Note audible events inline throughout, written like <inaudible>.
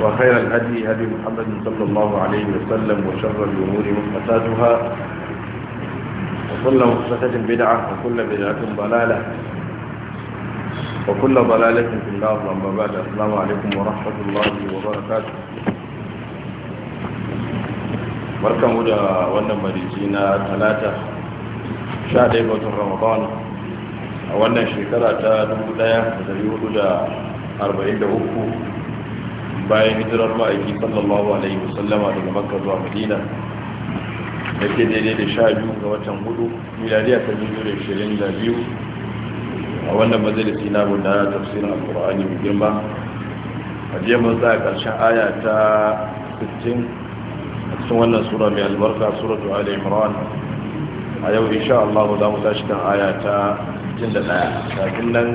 وخير الهدي هدي محمد صلى الله عليه وسلم وشر الأمور محدثاتها وكل محدثة بدعة وكل بدعة ضلالة وكل ضلالة في النار أما بعد السلام عليكم ورحمة الله وبركاته وانا da ثلاثة mariji na talata 11 ga watan ramadan a wannan shekara أربعين 1443 bayan hijirar ma'aiki sallallahu alaihi musallama daga makka zuwa madina da ke daidai da sha biyu ga watan hudu miliyariya ta biyu da shirin da biyu a wannan majalisi na guda tafsirin alkur'ani mai girma a jiya mun tsaya karshen aya ta 15, a cikin wannan sura mai albarka suratu ali imran a yau insha allahu za mu tashi kan aya ta 61 kafin nan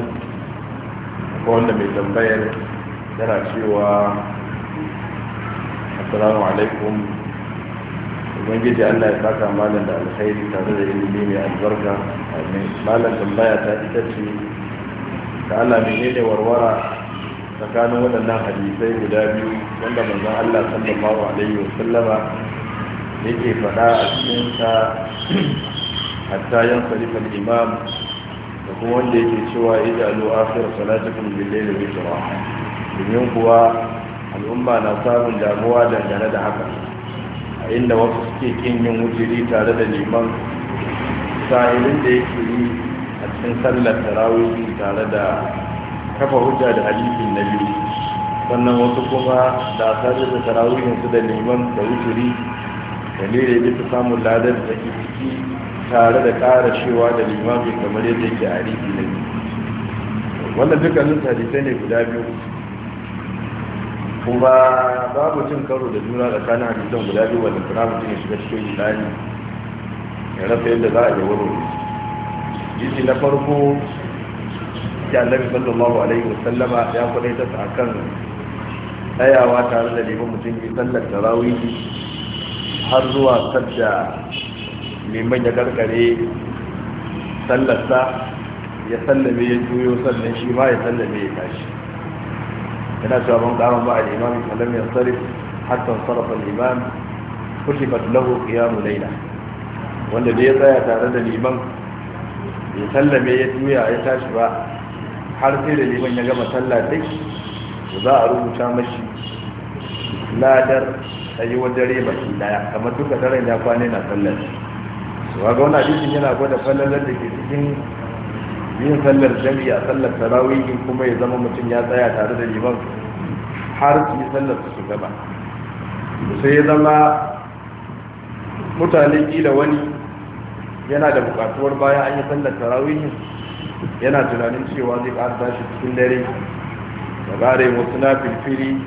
ko wanda mai tambayar yana cewa assalamu alaikum ubangiji allah ya saka malam da alkhairi tare da ilimi mai albarka amin malam tambaya ta ita ce ka allah menene warwara tsakanin waɗannan hadisai guda biyu wanda manzon allah sallallahu alaihi wasallama yake faɗa a cikin sa hatta yan salifan imam da kuma wanda yake cewa idalu alu akhir salatikum bil layli witra domin kuwa al'umma na samun damuwa dangane da haka a inda wasu suke kin yin wujiri tare da liman sa'ilin da yake yi a cikin sallar tarawihi tare da kafa hujja da hadisin biyu, sannan wasu kuma da sadar da tarawihin su da liman da wujiri dalilin da ta samun ladar da ke ciki tare da ƙara cewa da limamin kamar yadda yake a hadisi biyu. wannan dukkanin tarihi ne guda biyu kuma babu cin karo da juna da tsakanin hadisan guda biyu wanda kuna mutum ya shiga cikin ilani ya rasa yadda za a yi wuri jiki na farko ya annabi sallallahu alaihi wasallama ya kwadaita ta kan tsayawa tare da liman mutum yi sallar tarawihi har zuwa sadda liman ya karkare sallarsa ya sallame ya juyo sannan shi ma ya sallame ya tashi yana cewa ban karon ba al-imam kalam ya sarif hatta sarf al-imam kutibat lahu qiyam laila wanda da ya tsaya tare da liman ya sallame ya tuya ya tashi ba har sai da liman ya gama sallah duk za a rubuta mashi ladar ayi dare shi daya kamar duka daren ya kwane na sallar su ga wani hadisin yana gwada fallalar da ke cikin yin sallar jami'i a sallar tarawihi kuma ya zama mutum ya tsaya tare da liman har su yi sallar su gaba sai ya zama mutane kila wani yana da bukatuwar baya an yi sallar tarawihi yana tunanin cewa zai ƙara tashi cikin dare da gare wasu na filfiri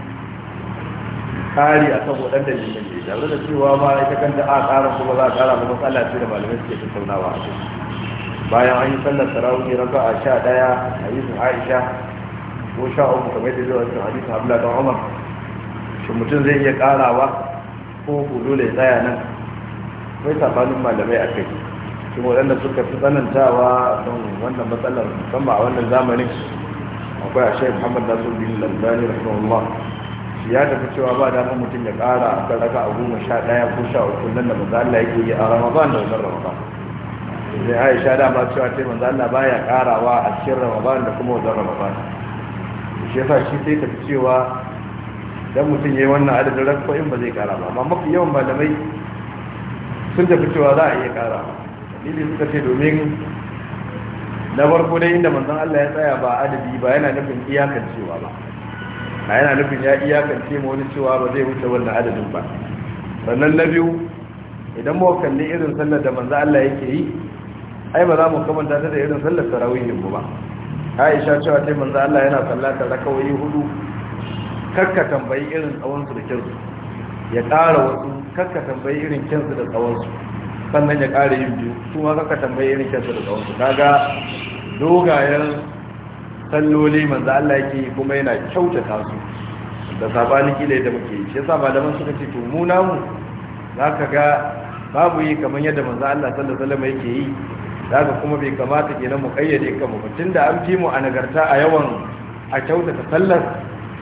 kari a kan waɗanda liman ne tare da cewa ma ita kanta a ƙara kuma za a ƙara matsala ce da malamai suke tattaunawa a cikin bayan an yi sallar tarawih raka'a a sha hadisin aisha ko sha uku kamar yadda zuwa cikin hadisin Abdullah bin umar shi mutum zai iya karawa ko ku dole tsaya nan kai sabanin malamai a kai shi waɗanda suka fi tsanantawa don wannan matsalar musamman a wannan zamanin akwai a shayi muhammad nasu bin lalbani rahimahullah shi ya tafi cewa ba dama mutum ya kara a kan raka'a a goma sha ɗaya ko sha uku nan da maza Allah yake yi a ramadan da wannan ramadan da aisha dama cewa ce manzo Allah baya karawa a cikin ramadan da kuma wajen ramadan shi yasa shi sai tafi cewa don mutum yi wannan adadin rakkoin ba zai kara ba amma mafi yawan malamai sun tafi cewa za a iya kara dalili suka ce domin na farko dai inda manzan Allah ya tsaya ba adadi ba yana nufin iyakancewa ba a yana nufin ya iyakance ma wani cewa ba zai wuce wannan adadin ba sannan na biyu idan muka kalli irin sallar da manzo Allah yake yi ai ba za mu kamanta ta da irin sallar tarawihin mu ba aisha cewa ta manzo Allah yana sallata rakawai hudu kakka tambayi irin tsawon su da kinsu ya ƙara wasu kakka tambayi irin kinsu da tsawon su sannan ya ƙara yin biyu kuma ma kakka tambayi irin kinsu da tsawon su kaga dogayen salloli manzo Allah yake kuma yana kyautata su da sabani kile da muke shi yasa malaman suka ce to mu namu zaka ga babu yi kamar yadda manzo Allah sallallahu alaihi wasallam yake yi daga kuma bai kamata ke nan mu kayyade mu? ba da an fi mu a nagarta a yawan a kyautata sallar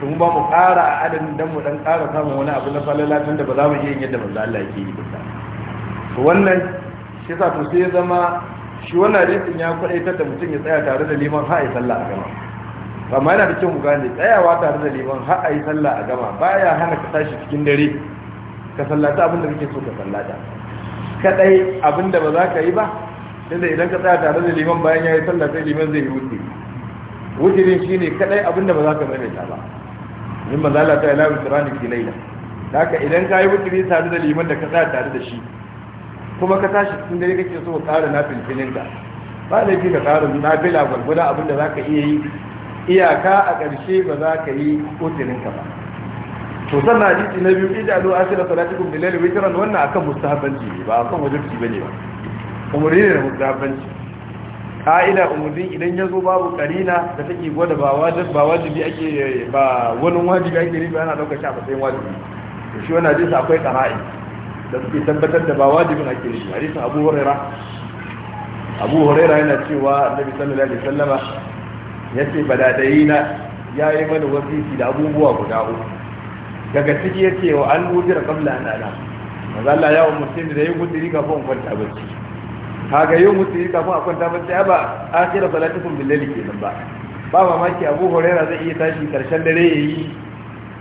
to mu ba mu ƙara a adadin dan mu dan ƙara samun wani abu na falala da ba za mu iya yin yadda manzo Allah yake yi ba to wannan shi yasa to sai ya zama shi wannan rikin ya ta da mutum ya tsaya tare da liman ha'i sallah a gama amma yana da kyau mu gane tsayawa tare da liman ha'i sallah a gama baya hana ka tashi cikin dare ka sallata abin da kake so ka sallata kadai abin da ba za ka yi ba tunda idan ka tsaya tare da liman bayan ya yi sallah sai liman zai yi wuce wucirin shi ne kadai abinda ba za ka maimaita ba min zala ta ila wutirani ki laila haka idan ka yi wuce tare da liman da ka tsaya tare da shi kuma ka tashi cikin dare kake so ka ƙara na filfilin ka ba laifi ka ƙara na fila gwargwada abinda za ka iya yi iyaka a ƙarshe ba za ka yi wucirin ka ba to sannan hadisi na biyu idalu asira salatikum bilal witran wannan akan mustahabbanci ba akan wajibi bane ba umarni ne da musabanci ka'ida umarni idan ya zo babu karina da take gwada ba wajibi ake ba wani wajibi ake ba yana ɗaukar shi a matsayin wajibi da shi wani hadisa akwai ƙara'i da suke tabbatar da ba wajibin ake riba hadisin abu huraira abu huraira yana cewa annabi sallallahu alaihi wasallama yace badadai na yayi mana wasiki da abubuwa guda uku daga ciki yace wa an wujira qabla an ana maza Allah ya umurce ni da yi gudiri kafin kwanta bacci kaga yau mutu yi kafin a kwanta bacci ai ba akira salatikum ke kenan ba ba mamaki Abu Huraira zai iya tashi karshen dare ya yi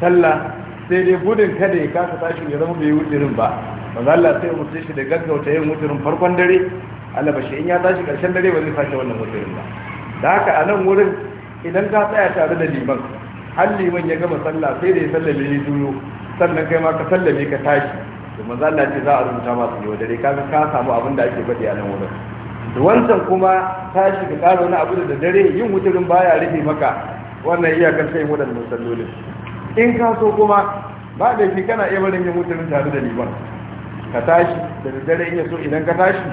sallah sai dai gudun kada ya kasa tashi ya zama bai wuturin ba manzo Allah sai ya mutu shi da gaggauta yin wuturin farkon dare Allah shi in ya tashi karshen dare ba zai sake wannan wuturin ba da haka a nan wurin idan ka tsaya tare da liman har liman ya gama sallah sai da ya sallame ya juyo sannan kai ma ka sallame ka tashi to maza na ce za a rubuta masu yau dare, kaga ka samu abin da ake faɗi a nan wurin da wancan kuma ta shiga ƙara wani abu da dare yin wuturin baya rufe maka wannan iyakar sai mu da musallolin in ka so kuma ba da shi kana iya barin yin wuturin tare da liman ka tashi da dare in ya so idan ka tashi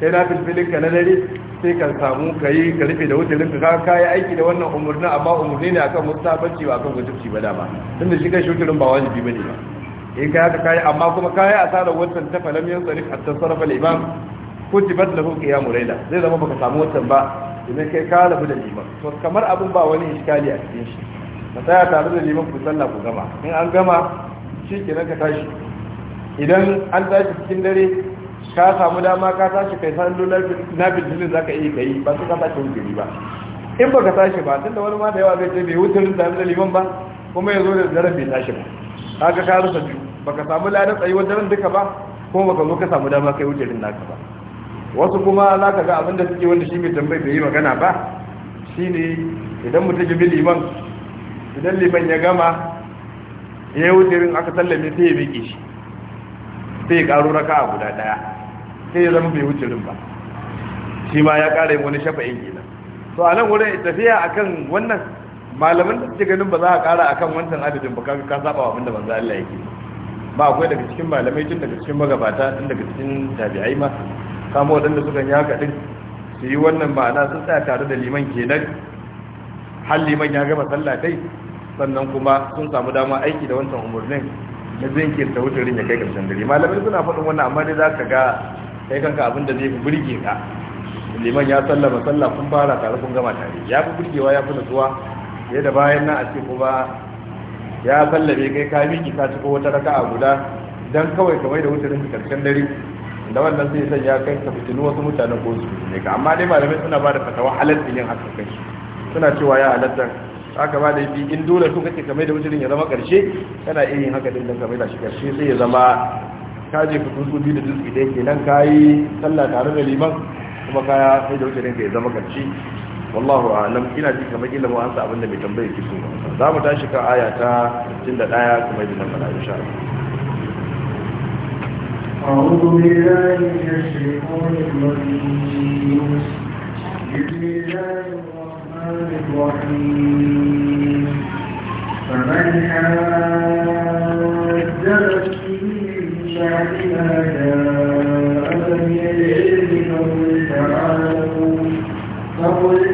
sai na filfilin ka na dare sai ka samu ka yi ka rufe da wuturin ka ka yi aiki da wannan umarnin amma umarni ne akan mustafanci ba akan wajibci ba dama tunda shi kan shi wuturin ba wajibi ba ne ba in ka haka kai amma kuma kai asara wannan ta falam tsari tsarif ta sarafa al-imam da lahu ya layla zai zama baka samu wannan ba idan kai ka labu da liman to kamar abun ba wani iskali a cikin shi ka tsaya tare da liman ku sallah ku gama in an gama shi ke ka tashi idan an tashi cikin dare ka samu dama ka tashi kai san dole na za zaka iya kai ba su ka tashi wuri ba in baka tashi ba tunda wani ma da yawa zai ce bai wutar da liman ba kuma ya zo da zarafi tashi ba kaga ka rasa biyu baka samu ladan wajen daren duka ba kuma baka zo ka samu dama kai wujerin naka ba wasu kuma za ka ga abin da suke wanda shi mai tambayi bai yi magana ba shine idan mutum ya bi liman idan liman ya gama ya yi wujerin aka sallame sai ya miƙe shi sai ya ƙaro raka a guda ɗaya sai ya zama bai wujerin ba shi ma ya ƙara yin wani shafa'in kenan to a nan wurin tafiya akan wannan malaman da suke ganin ba za a ƙara akan wancan adadin ba ka saba wa abin da manzo Allah yake ba akwai daga cikin malamai tun daga cikin magabata tun daga cikin tabi'ai ma kamo waɗanda suka yi haka din su yi wannan ma'ana sun tsaya tare da liman kenan har liman ya gama sallah dai sannan kuma sun samu dama aiki da wancan umarnin na zinkirta wuturin ya kai karshen dare malamai suna faɗin wannan amma dai za ka ga kai kanka abin da zai burge ka liman ya sallama sallah kun fara tare kun gama tare ya fi burgewa ya fi nutsuwa yadda bayan nan a ce kuma ya sallabe kai ka miƙi ka ci wata a guda dan kawai kamar da wutarin karshen dare da wannan sai san ya kai ka fitinu wasu mutanen ko su ne ka amma dai malamai suna ba da fatawa din yin haka kai suna cewa ya halatta haka ba da yi in dole su kake kamar da wutarin ya zama karshe kana iya yin haka din dan kamar da shi karshe sai ya zama ka je ku su bi da dutse dai kenan ka yi sallah tare da liman kuma ka sai da wutarin ka ya zama karshe wallahu a'lam ina ji kamar kila mu ansa abin da bai tambaye ki so za mu tashi kan aya ta 61 kuma idan Allah ya sha أعوذ بالله من الشيطان الرجيم بسم الله الرحمن الرحيم فمن حاجبت فيه من بعد ما جاءك من العلم فقل تعالوا فقل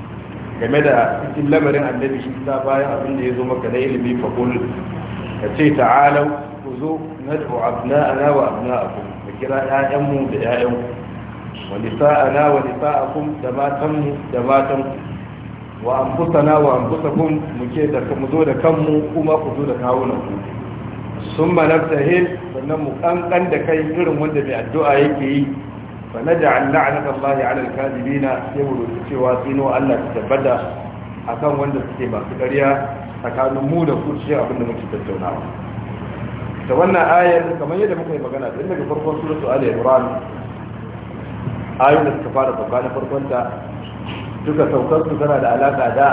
game da cikin lamarin annabi isa bayan abin da ya zo maka na ilimi faƙul ka ce ta'ala ku zo nad'u ana wa abna'akum ka kira ƴaƴanmu da ƴaƴanku wa nisa'ana wa nisa'akum da matanmu da matanku wa anfusana wa anfusakum mu ke da mu zo da kanmu kuma ku zo da kawunanku sun na sahil sannan mu kankan da kai irin wanda mai addu'a yake yi fa naj'al la'nata Allah 'ala al-kadhibina sai mu rubuta cewa tsino Allah ta tabbata akan wanda suke masu ƙarya tsakanin mu da ku cikin abin da muke tattaunawa da wannan ayar kamar yadda muka yi magana tun daga farkon suratu Ali Imran suka fara farkon ta duka saukar su tana da alaka da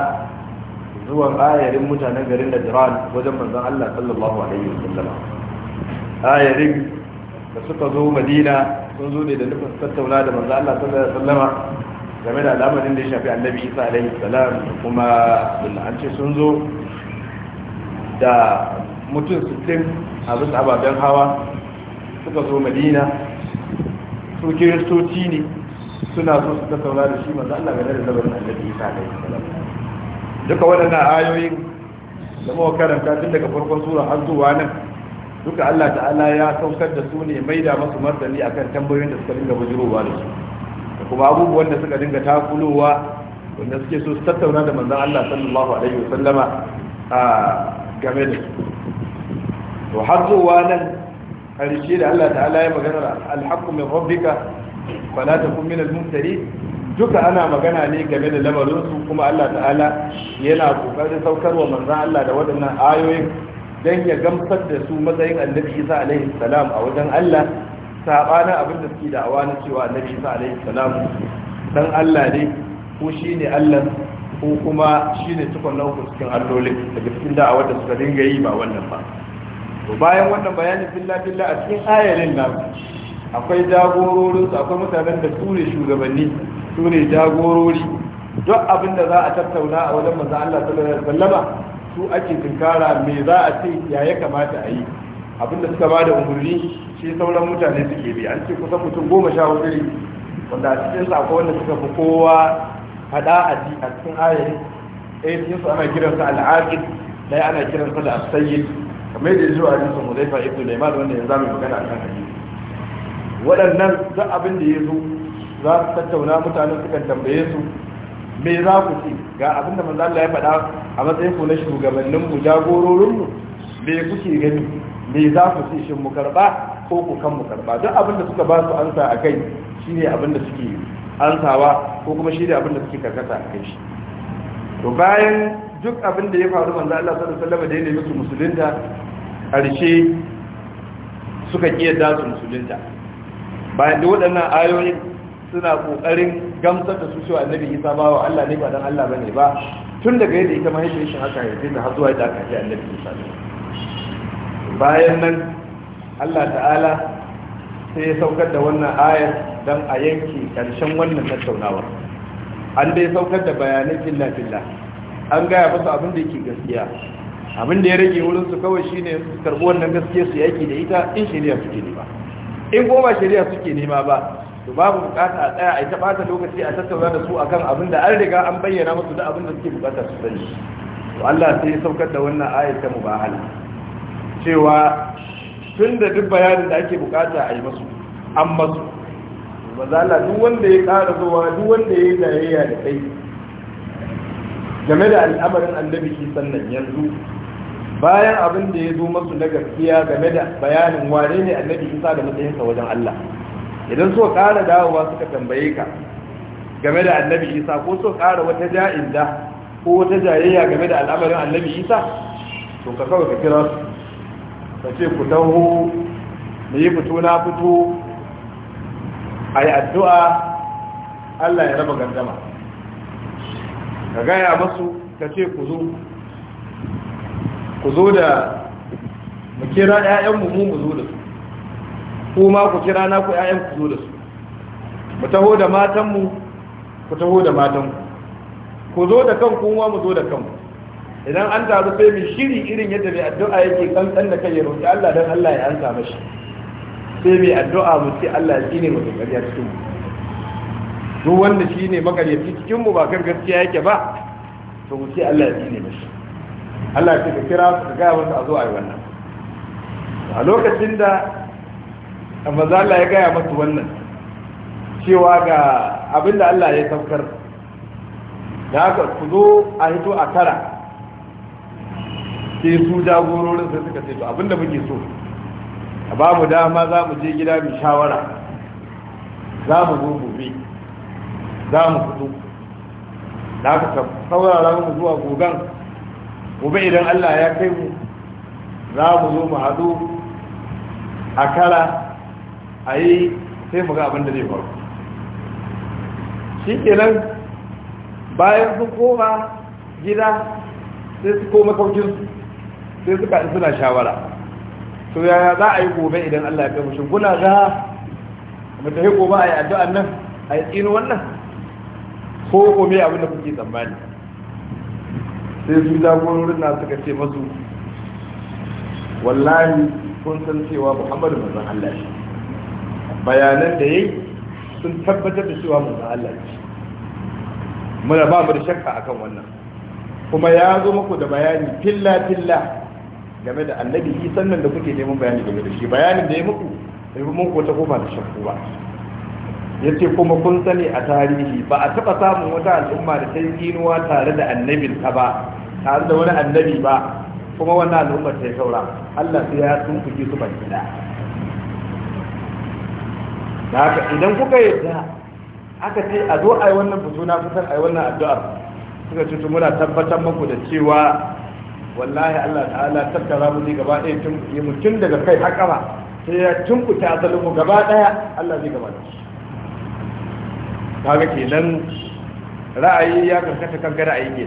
zuwan ayarin mutanen garin jiran wajen manzon Allah sallallahu alaihi wasallam ayarin da suka zo Madina sun zo ne da nufin tattauna da manzo Allah sallallahu alaihi wasallama game da al'amarin da ya shafi annabi Isa alaihi salam kuma an ce sun zo da mutum sittin a bisa ababen hawa suka zo madina su kiristoci ne suna so su tattauna da shi manzo Allah game da labarin annabi Isa alaihi salam duka waɗannan ayoyin da muka karanta tun daga farkon sura har zuwa nan duka Allah ta'ala ya saukar da su ne mai da masu martani akan tambayoyin da suka dinga bujirowa da su da kuma abubuwan da suka dinga takulowa wanda suke so su tattauna da manzon Allah sallallahu alaihi wasallama a game da su to har zuwa nan karshe da Allah ta'ala ya magana alhaqqu min rabbika fala takun min al-mumtari duka ana magana ne game da lamarin su kuma Allah ta'ala yana kokarin saukarwa manzon Allah da waɗannan ayoyin don ya gamsar da su matsayin annabi isa alaihi salam a wajen allah saɓanin abin da suke da'awa na cewa annabi isa alaihi salam dan allah ne ko shi ne allah ko kuma shi ne cikon na cikin allolin daga cikin da'awar da suka dinga yi ba wannan ba to bayan wannan bayani billa billa a cikin ayarin nan akwai su akwai mutanen da su ne shugabanni su ne jagorori duk abin da za a tattauna a wajen manzo Allah sallallahu alaihi wasallama su ake tunkara me za a ce ya ya kamata a yi abinda suka ba da umarni shi sauran mutane suke bi an ce kusan mutum goma sha hudu ne wanda a cikin sa akwai wanda suka fi kowa hada a cikin ayari ɗaya eh, cikin su ana kiran kiransa al'aqid ɗaya ana kiransa da as-sayyid kamar da zuwa hadisin Hudayfa ibn da wanda yanzu zamu magana kan hanyar waɗannan duk abin da ya zo za su tattauna mutane sukan tambaye su me za ku ce ga abin da manzo Allah ya faɗa a matsayin ku na shugabannin mu jagororin mu me kuke gani me za ku ce shin mu karba ko ku kan mu karba duk abin da suka ba su ansa akai shine abin da suke ansawa ko kuma shine abin da suke karkata kai shi to bayan duk abin da ya faru manzo Allah sallallahu alaihi wasallam da ya nemi musulunta karshe suka kiyar da su musulunta bayan da waɗannan ayoyin suna kokarin gamsar da su cewa annabi isa ba wa Allah ne ba dan Allah bane ba tun daga yadda ita mahaifiyar shi haka ya da har zuwa yadda aka ji annabi isa bayan nan Allah ta'ala sai ya saukar da wannan ayar dan a yanke karshen wannan tattaunawar an dai saukar da bayanin filla filla an gaya su abin da yake gaskiya abin da ya rage wurin su kawai shine su karbi wannan gaskiya su yake da ita in shari'a suke ba in goma shari'a suke nema ba to babu bukata a tsaya a ta bata lokaci a tattauna da su akan abin da an riga an bayyana musu da abin da suke bukata su sani to Allah sai ya saukar da wannan ayat ba mubahala cewa tun da duk bayanin da ake bukata a yi masu an masu mazala duk wanda ya ƙara zuwa duk wanda ya yi dayayya da kai game da al'amarin annabi shi sannan yanzu bayan abin da ya zo masu na gaskiya game da bayanin wane ne annabi isa da matsayinsa wajen Allah idan so ƙara dawowa suka tambaye ka game da annabi isa ko so ƙara wata ja'inda ko wata jayayya game da al'amarin annabi isa to ka kawai ka kira su ka ce ku taho mu yi fito na fito a yi addu'a allah ya raba gandama. ka gaya masu ka ce ku zo ku zo da mu kira 'ya'yanmu mu mu zo da su ku ma ku kira na ku ƴaƴan ku zo da su mu taho da matanmu ku taho da matanku ku zo da kanku kuma mu zo da kanku idan an taru sai mu shiri irin yadda mai addu'a yake kankan da kai ya roƙi Allah dan Allah ya ansa mashi sai mai addu'a mu ce Allah ya tsine mu ƙarya cikin mu duk wanda shine makaryaci cikin mu ba kan gaskiya yake ba to mu ce Allah ya tsine mashi Allah ya ce ka kira ka ga wanda a zo a yi wannan a lokacin da amma za Allah ya gaya masu wannan cewa ga abinda Allah ya saukar da haka ku zo a hito a tara sai su jagororin sai suka ce to abinda muke so a ba mu dama za mu je gida mu shawara za mu zo gobe za mu fito da haka saurara mu zuwa gogan gobe idan Allah ya kai mu za mu zo mu haɗu a kara a yi sai mu ga abin da zai faru shi kenan bayan sun koma gida sai su koma sai suka suna shawara to yaya za a yi gobe idan Allah ya kai shin kuna ga mutum ya gobe a yi addu'an nan a yi tsinu wannan ko gome abin da kuke tsammani sai su jagororin na suka ce masu wallahi kun san cewa muhammadu mazan Allah shi bayanan da yayi sun tabbatar da cewa mu Allah ce, muna ba mu da shakka akan wannan kuma ya zo muku da bayani filla filla game da annabi Isa nan da kuke neman bayani game da shi bayanin da ya muku sai mun ko ta koma da shakku ba yace kuma kun sani a tarihi ba a taba samun wata al'umma da ta yi tare da annabin ta ba tare da wani annabi ba kuma wannan al'ummar ta yi saura Allah sai ya tunkuki su ban gida. da haka idan kuka yadda aka ce a zo a yi wannan fito na kusan a yi wannan addu'ar suka ce to muna tabbatar muku da cewa wallahi Allah ta'ala tattara mu ne gaba ɗaya tun yi mutum daga kai har sai ya tunkuta asalin mu gaba ɗaya Allah zai gaba da shi kaga kenan ra'ayi ya karkata kanka ra'ayi ne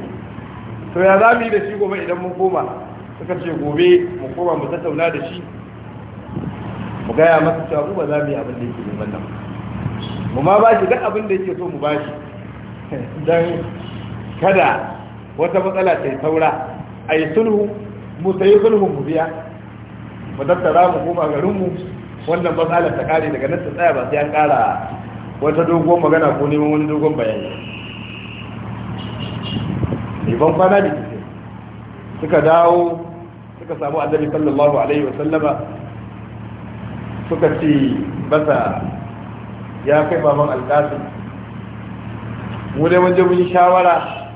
to ya za mu yi da shi gobe idan mun koma suka ce gobe mu koma mu tattauna da shi mu gaya masa cewa mu ba za mu yi abin da yake neman nan mu ma ba shi duk abin da yake so mu ba shi <laughs> don kada wata matsala ta yi saura a yi sulhu mu sayi sulhu mu biya mu tattara mu koma garinmu wannan matsalar ta kare daga nan ta tsaya ba sai an kara wata dogon magana ko neman wani dogon bayani ban kwana da suka dawo suka samu annabi sallallahu alaihi sallama suka ce basa ya kai baban alƙasim mu dai mun je mun yi shawara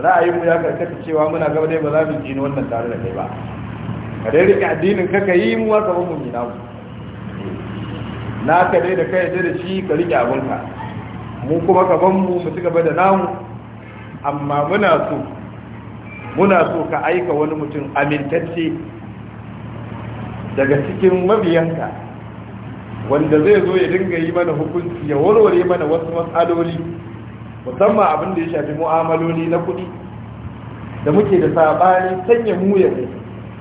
ra'ayinmu ya karkata cewa muna gaba dai ba za mu jini wannan tare da kai ba ka dai rike addinin ka ka yi mu wasa ba mu yi namu na ka dai da kai da shi ka rike abinka mu kuma ka ban mu mu ci gaba da namu amma muna so muna so ka aika wani mutum amintacce daga cikin mabiyanka wanda zai zo ya dinga yi mana hukunci ya warware mana wasu matsaloli musamman abin da ya shafi mu'amaloli na kuɗi da muke da sabani sanya mu ya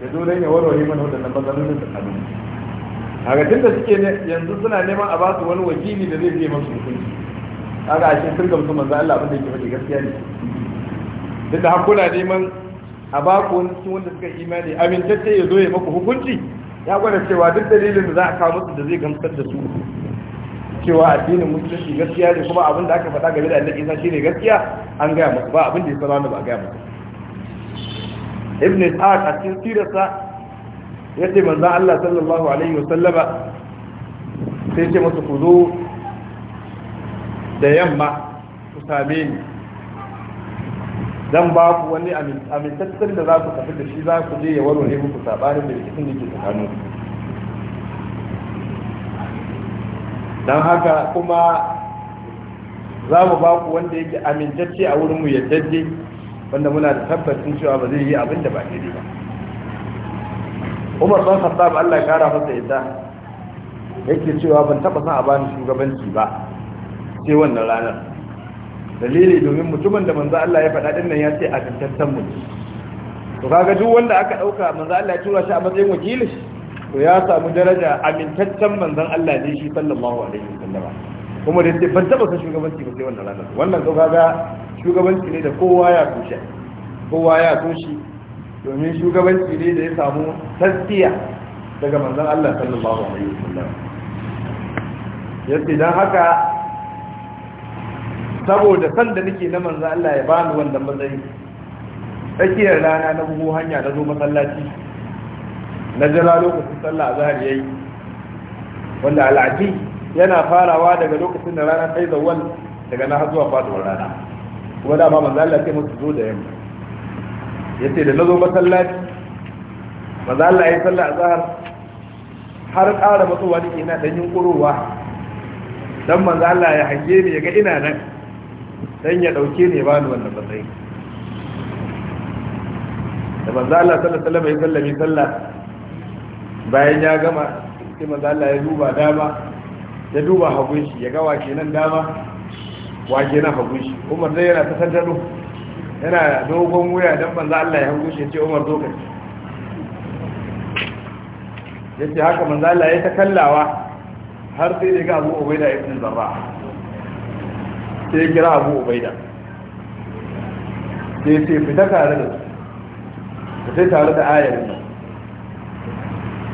ya zo don ya warware mana waɗannan matsalolin da kanu a ga tunda suke yanzu suna neman a basu wani wakili da zai je masu hukunci a ga ashe sun gamsu manzo Allah abin da yake faɗi gaskiya ne duk da hakuna neman a ku wani cikin wanda suka imani amintacce ya zo ya maku hukunci ya gwada cewa duk dalilin da za a kawo musu da zai gamsar da su cewa addinin musulunci gaskiya ne kuma abin da aka faɗa game da annabi isa shine gaskiya an gaya musu ba abin da ya saba ba a gaya musu ibn ishaq a cikin sirarsa yace manzo Allah sallallahu alaihi wasallama sai ce musu ku zo da yamma ku same ni zan ba ku wani amintattun da za ku tafi da shi za ku je ya warware muku sabanin da rikicin da ke tsakanin don haka kuma za mu ba ku wanda yake amintacce a wurin mu ya yaddadde wanda muna da tabbacin cewa ba zai yi abin da ba ke ba umar ban khattab Allah ya kara masa yadda yake cewa ban taba san a bani shugabanci ba sai wannan ranar dalili domin mutumin da manzo Allah ya faɗa dinnan ya ce a tantan mu to kaga duk wanda aka dauka manzo Allah ya tura shi a matsayin wakili to ya samu daraja amintaccen manzon Allah ne shi sallallahu alaihi wasallam kuma da ban taba san shugabanci ba sai wannan ranar wannan to kaga shugabanci ne da kowa ya tushe kowa ya tushe domin shugabanci ne da ya samu tasfiya daga manzon Allah sallallahu alaihi wasallam yace dan haka saboda san da nake na manzo Allah ya bani wannan matsayi tsakiyar rana na bugu hanya na zo masallaci na jira lokacin sallah azhar yayi wanda al'adi yana farawa daga lokacin da rana ta zawal daga na zuwa faduwar rana kuma da ma manzo Allah sai musu zo da yamma yace da nazo masallaci manzo Allah ya sallah azhar har ƙara matsowa nake ina dan yunkurowa dan manzo Allah ya hange ni ya ga ina nan dan ya dauke ne ba ni wannan matsayi da manzo Allah sallallahu alaihi wasallam ya salla bayan ya gama sai manzo Allah ya duba dama ya duba hagun shi ya ga wa kenan dama wa kenan hagun shi Umar dai yana ta tantaro yana dogon wuya dan manzo Allah ya hagun shi ya ce Umar zo ka yace haka manzo Allah ya ta kallawa har sai ya ga Abu Ubaida ibn Zarrah sai kira abu ubaida sai ce fita tare da su sai tare da ayar nan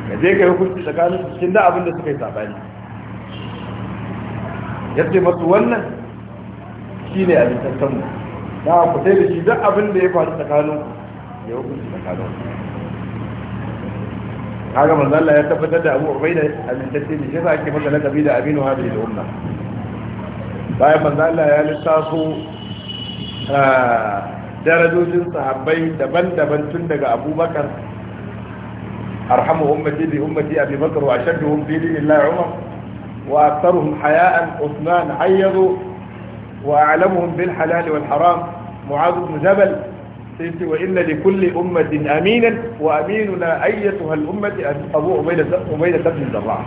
ka je ka yi hukunci tsakanin su cikin da abin da suka yi sabani ce masu wannan shi ne a littattanmu na ku sai da shi duk abin da ya faru tsakanin ya hukunci tsakanin kaga Allah ya tabbatar da abu ubaida a littattun da shi sa ake masa lakabi da aminu hadari da umma bayan manzo Allah ya lissafo darajojin sahabbai daban-daban tun daga abubakar arhamu ummati bi ummati abi bakr wa ashaduhum fi dinillahi umar wa aktharuhum haya'an uthman hayyadu wa a'lamuhum bil halal wal haram mu'adh ibn jabal sayyidi wa inna li kulli ummatin aminan wa aminuna ayyatuha al ummati abu ubayda ubayda ibn jarrah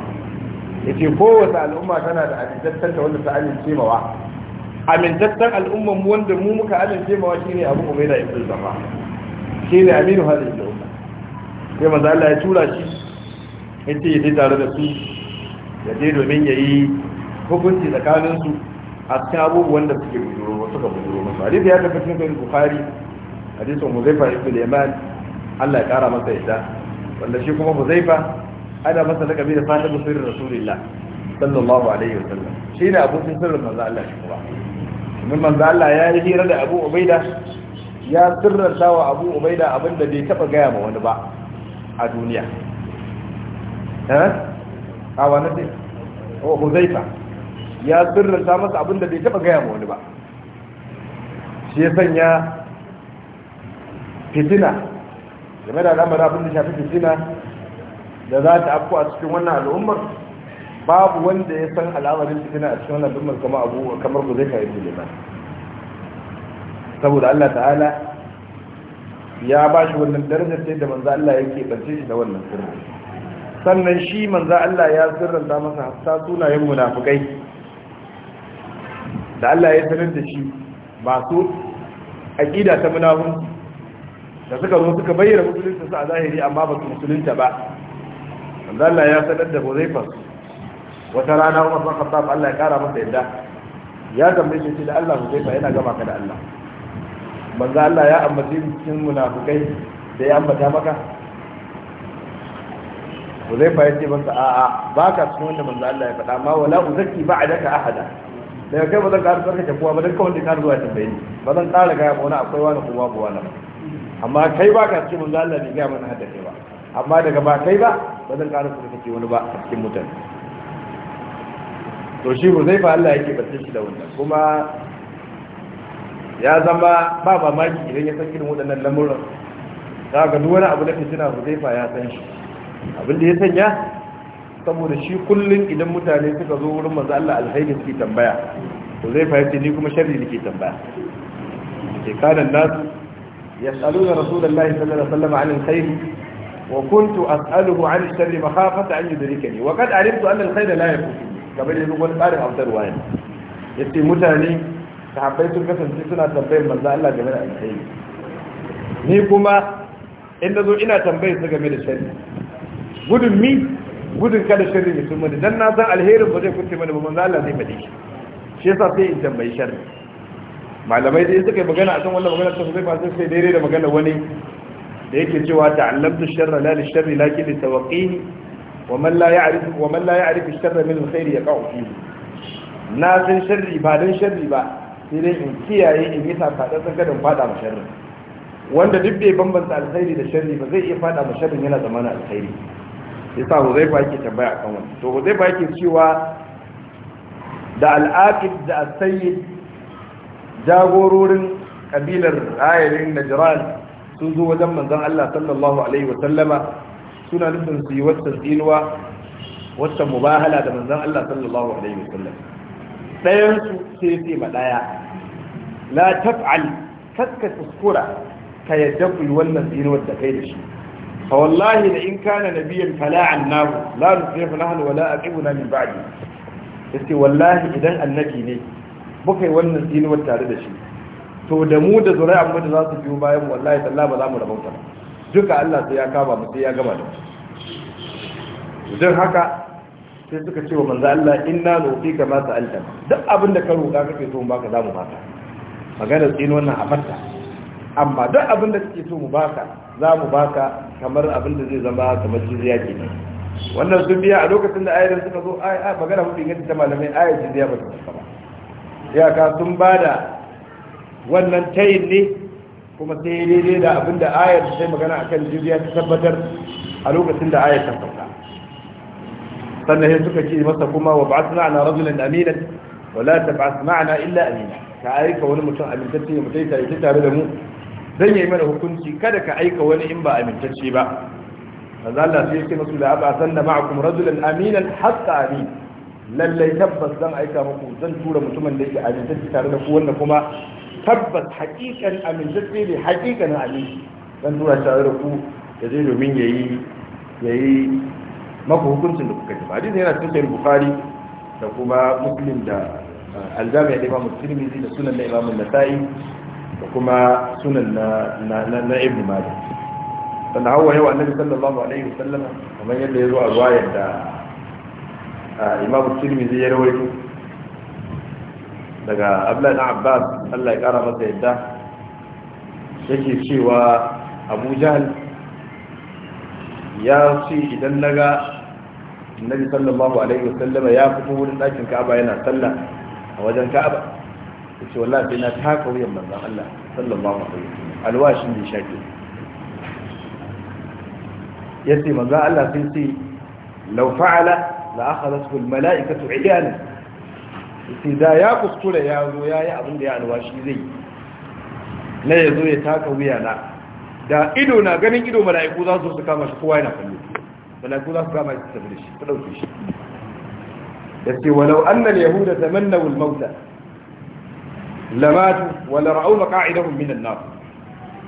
yace kowace al'umma tana da amintattar ta wanda ta amince mawa amintattar al'ummar mu wanda mu muka amince mawa shine Abu Umaida ibn Zafa shine aminu hadin da umma sai manzo Allah ya tura shi yace ya je tare da su ya je domin ya yayi hukunci tsakanin su a cikin abubuwan da suke buduro suka buduro masu. hadisi ya tafi cikin Bukhari hadisin Huzaifa ibn Yaman Allah ya kara masa ita, wanda shi kuma Huzaifa ana masa lakabi da fatan sirrin rasulillah sallallahu alaihi wa sallam shi ne sun sirrin manzo Allah shi kuma domin manzo Allah ya yi hira da Abu Ubaida ya sirranta wa Abu Ubaida abin da bai taba gaya ma wani ba a duniya eh awa wani ne oh Huzaifa ya sirranta masa abin da bai taba gaya ma wani ba shi ya sanya fitina game da al'amarin abin da shafi fitina da za ta afko a cikin wannan al'ummar babu wanda ya san al'amarin fitina a cikin wannan al'ummar kamar abu kamar ku zai kai mu ba. saboda Allah ta'ala ya ba shi wannan darajar sai da manzo Allah yake bace shi da wannan sirri sannan shi manzo Allah ya sirranta masa hatta sunayen munafikai da Allah ya sanar da shi masu aqida ta munafiki da suka zo suka bayyana musulunta su a zahiri amma ba su musulunta ba manzo Allah ya sanar da Huzaifa wata rana Umar bin ba Allah ya kara masa yadda ya tambaye shi da Allah Huzaifa yana gama ka da Allah banza Allah ya ambace cikin munafukai da ya ambata maka Huzaifa ya ce masa a'a ba ka cikin wanda banza Allah ya faɗa ma wala uzaki daga ahada daga kai ba zan ƙara ta kowa ba zan kawai ka zuwa tambaye ni ba zan ƙara gaya ba wani akwai wani kuma ba wani amma kai ba ka cikin manzo Allah ne gaya mana hadda kai ba amma daga ba kai ba ba zan ƙara su kake wani ba a cikin mutane to shi huzaifa Allah yake batun shi da wannan kuma ya zama ba mamaki idan ya san irin waɗannan lamuran za ga duk wani abu da fitina huzaifa ya san shi abin da ya sanya saboda shi kullum idan mutane suka zo wurin manzo Allah alhaini suke tambaya huzaifa ya ce ni kuma sharri nake tambaya ke kanan nasu yas'aluna rasulullahi sallallahu alaihi wasallam 'anil khair وكنت أسأله عن الشر مخافة أن يدركني وقد عرفت أن الخير لا يفوتني kamar yanzu wani tsarin amsarwa ne ya ce mutane sahabbai sun kasance suna tambayar manzo Allah game da alkhairi ni kuma in zo ina tambayar su game da sharri gudun mi gudun kada sharri ne sun mani don na san alherin ba zai kunce mana ba manzo Allah zai faɗi shi shi yasa sai in tambayi sharri malamai dai suka yi magana akan wannan magana ta zai ba sai daidai da magana wani da yake cewa ta'allamtu sharra la lisharri lakin litawqini wa man la ya'rif wa man la ya'rif sharra min alkhairi yaqa'u fihi na san sharri ba dan sharri ba sai dai in kiyaye in yi sakadan tsakanin fada ma sharri wanda duk bai bambanta alkhairi da sharri ba zai iya fada ma sharri yana zama na alkhairi yasa huzaifa yake tambaya akan wannan to huzaifa yake cewa da al'aqid da as-sayyid jagororin kabilar ayarin najran sun zo wajen manzan Allah sallallahu alaihi wa sallama suna nufin su yi wata tsinuwa wata mubahala da manzan Allah sallallahu alaihi wa sallam dayan su sai sai ma daya la taf'al kakka kuskura ka yadda ku yi wannan tsinuwar da kai da shi fa wallahi da in kana nabiyyan fala annahu la nusrifu nahnu wala aqibuna min ba'di yace wallahi idan annabi ne muka yi wannan tsinuwar tare da shi to da mu da zuriyar mu da za su biyo bayan mu wallahi talla ba za mu rabauta ba duka Allah sai ya kama mu sai ya gama da mu don haka sai suka ce wa manzo Allah inna nuqika ma sa'alta duk abin da ka roƙa kake so mu baka za mu baka magana tsini wannan a fatta amma duk abin da kake so mu baka za mu baka kamar abin da zai zama kamar jizya ke ne wannan sun biya a lokacin da ayatin suka zo ai magana mafi inganci ta malamai ayatin jizya ba ta ba ya ka sun bada wannan tayin ne kuma sai daidai da abin da ayar sai magana a kan jiriya ta tabbatar a lokacin da ayar ta sauka sannan sai suka ce masa kuma wa ba'a ba'at ma'ana rajulan amina wa la tab'at na illa amina ka aika wani mutum amintacce ya mutai tare tare da mu zan yi mana hukunci kada ka aika wani in ba amintacce ba maza Allah sai yake masu da aba sanna ma'akum rajulan aminan hatta amin lallai tabbas zan aika muku zan tura mutumin da yake amintacce tare da ku wanda kuma tabbas haƙiƙan amintacce ne haƙiƙan aminci zan tura tare da ku da zai domin ya yi ya maku hukuncin da kuka ji hadis yana cikin sahih bukhari da kuma muslim da eh, aljami da imam tirmidhi da sunan na imam nasa'i da kuma sunan na na na ibn majah sannan hawa yau annabi sallallahu alaihi wasallam kamar yadda ya zo a ruwayar da eh, imam tirmidhi ya rawaito daga abdullahi na abbas allah ya kara masa yadda yake cewa abu jahal ya ce idan na ga annabi sallallahu alaihi wasallam ya fito wurin ɗakin ka'aba yana sallah a wajen ka'aba ya ce wallahi sai na taka wuyan manzon Allah sallallahu alaihi wasallam alwashin da shaki ya ce Allah sai ce law fa'ala la mala'ikatu 'iyanan sai da ya kuskure ya zo ya yi abin da ya alwashi zai na ya zo ya taka wuya na da ido na ganin ido mala'iku za su kama shi kowa yana kallo mala'iku za su kama shi tafi shi ta ɗauke shi da ce walau annal yahuda tamannawul mauta lamatu wala ra'au maqa'idahum minan nar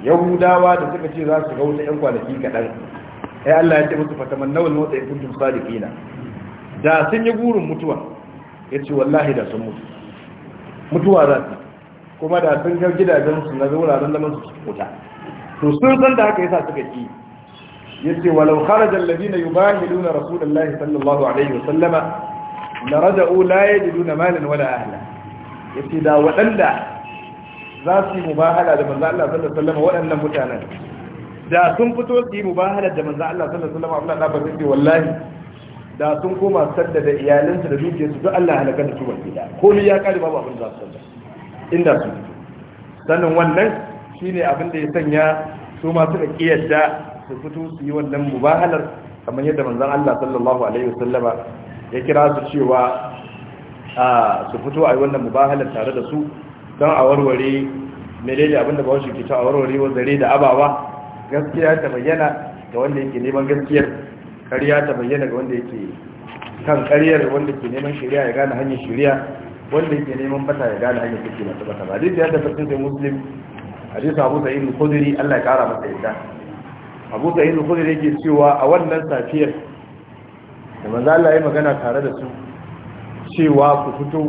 yahudawa da suka ce za su ga wata yan kwanaki kaɗan ai Allah ya ce musu fatamannawul mauta in kuntum sadiqina da sun yi gurin mutuwa ya ce wallahi da sun mutu mutuwa za su kuma da sun ga gidajensu na wuraren zaman su wuta to sun san da haka yasa suka ki yace walau kharaja alladhina yubahiluna rasulullahi sallallahu alaihi wa wasallama la raja'u la yajiduna malan wala ahla yace da wadanda za su yi mubahala da manzo Allah sallallahu alaihi wasallama wadannan mutanen da sun fito su yi mubahala da manzo Allah sallallahu alaihi wasallama Allah da wallahi da sun koma sadda da iyalinsu da dukiyarsu duk Allah halakar da su baki da komai ya kare babu abin za su sadda inda su sannan wannan shine abin da ya sanya su ma suka kiyarda su fito su yi wannan mubahalar kamar yadda manzon Allah sallallahu alaihi wasallama ya kira su cewa a su fito a yi wannan mubahalar tare da su don a warware menene abin da bawashi ke ta warware wa zare da abawa gaskiya ta bayyana ga wanda yake neman gaskiyar ƙarya ta bayyana ga wanda yake kan ƙaryar wanda ke neman shari'a ya gane hanyar shari'a wanda yake neman bata ya gane hanyar kake masu bata ba hadisi ya tabbata sai muslim hadisi abu sa'id al-khudri Allah ya kara masa yadda abu sa'id al-khudri yake cewa a wannan safiyar da manzo Allah ya magana tare da su cewa ku fito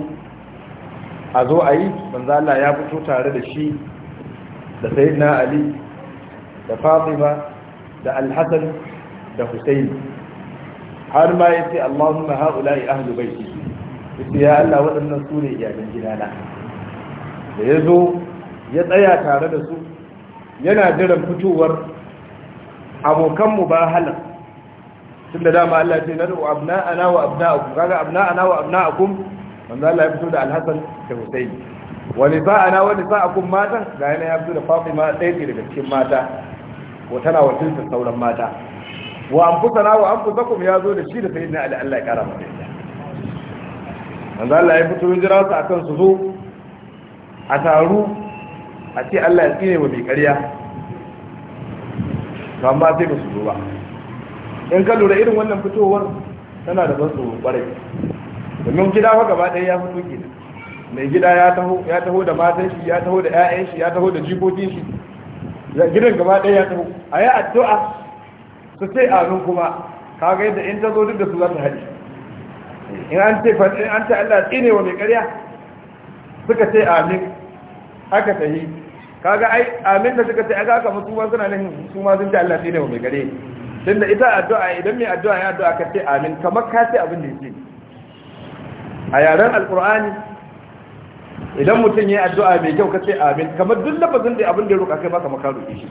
a zo a yi manzo Allah ya fito tare da shi da sayyidina ali da fatima da al-hasan da Hussein har ma ya ce allahumma ha'ula'i ahlu baiti yace ya Allah waɗannan su ne iyalan gidana da ya zo ya tsaya tare da su yana jiran fitowar abokanmu ba halan tun da dama Allah ce nadu abna'ana wa abna'akum kaga abna'ana wa abna'akum wanda Allah ya fito da Al-Hasan da Hussein wa nisa'ana wa nisa'akum matan ga yana ya fito da Fatima ɗaya ne daga cikin mata ko tana wakiltar sauran mata wa anfusana wa anfusakum ya zo da shi da sayyidina ali Allah ya kara masa yadda manzo Allah ya fito jira su akan su zo a taru a ce Allah ya tsine wa mai ƙarya to amma sai ba su zo ba in ka lura irin wannan fitowar tana da ban kwarai domin gida fa gaba ɗaya ya fito kenan mai gida ya taho ya taho da matan shi ya taho da ƴaƴan shi ya taho da jikokin shi gidan gaba ɗaya ya taho a yi addu'a su ce amin kuma kaga yadda in ta zo duk da su za ta haɗi. in an ce fadin an ce Allah tsine wa mai ƙarya suka ce amin aka tahi kaga ai amin da suka ce aka aka mutu ba suna nan su ma sun ce Allah tsine wa mai ƙarya da ita addu'a idan mai addu'a ya addu'a ka ce amin kamar ka ce abin da yake a yaren alqur'ani idan mutum ya addu'a mai kyau ka ce amin kamar duk lafazin da abin da ya roƙa kai ba ka makaru shi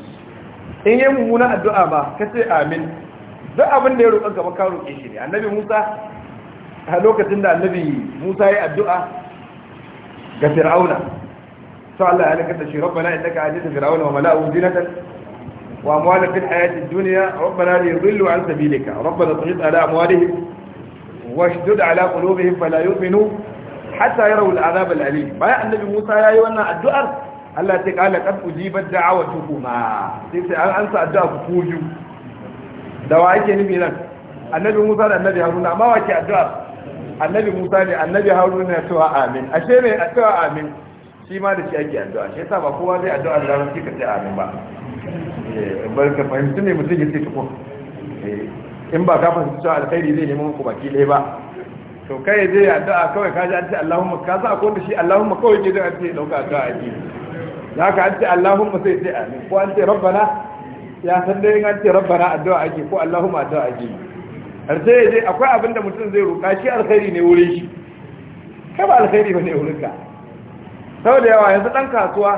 in yi mummuna addu'a ba ka ce amin duk abin da ya roƙon gaba ka roƙe shi ne annabi musa a lokacin da annabi musa ya addu'a ga fir'auna to Allah ya halaka da shi rabbana innaka ajita fir'auna wa mala'u zinatan wa amwala fil hayati dunya rabbana li yudillu an sabilika rabbana tuhit ala amwalihim washdud ala qulubihim fala yu'minu hatta yarawu al'adab al'alim bayan annabi musa ya yi wannan addu'ar Allah ta kala kad ta kuma sai sai an ansa addu'a ku ku da wa yake nufi nan annabi Musa da annabi Haruna amma wake addu'a annabi Musa ne annabi Haruna ya cewa amin ashe ne a cewa amin shi ma da shi ake addu'a shi yasa ba kowa zai addu'a da ran shi ka ce amin ba eh ka fahimci ne mutum yake tuko eh, in ba ka fahimci cewa alkhairi zai nemi muku baki dai ba to kai zai addu'a kawai ka ji an ce Allahumma ka sa ko da shi Allahumma kawai ke da an ce dauka ka ake da haka an ce Allahumma sai sai amin ko an ce rabbana ya san dai an ce rabbana addu'a ake ko Allahumma addu'a ake sai ya je akwai abin da mutum zai roƙa shi alkhairi ne wurin shi kai ba alkhairi ba ne wurin ka sau da yawa yanzu ɗan kasuwa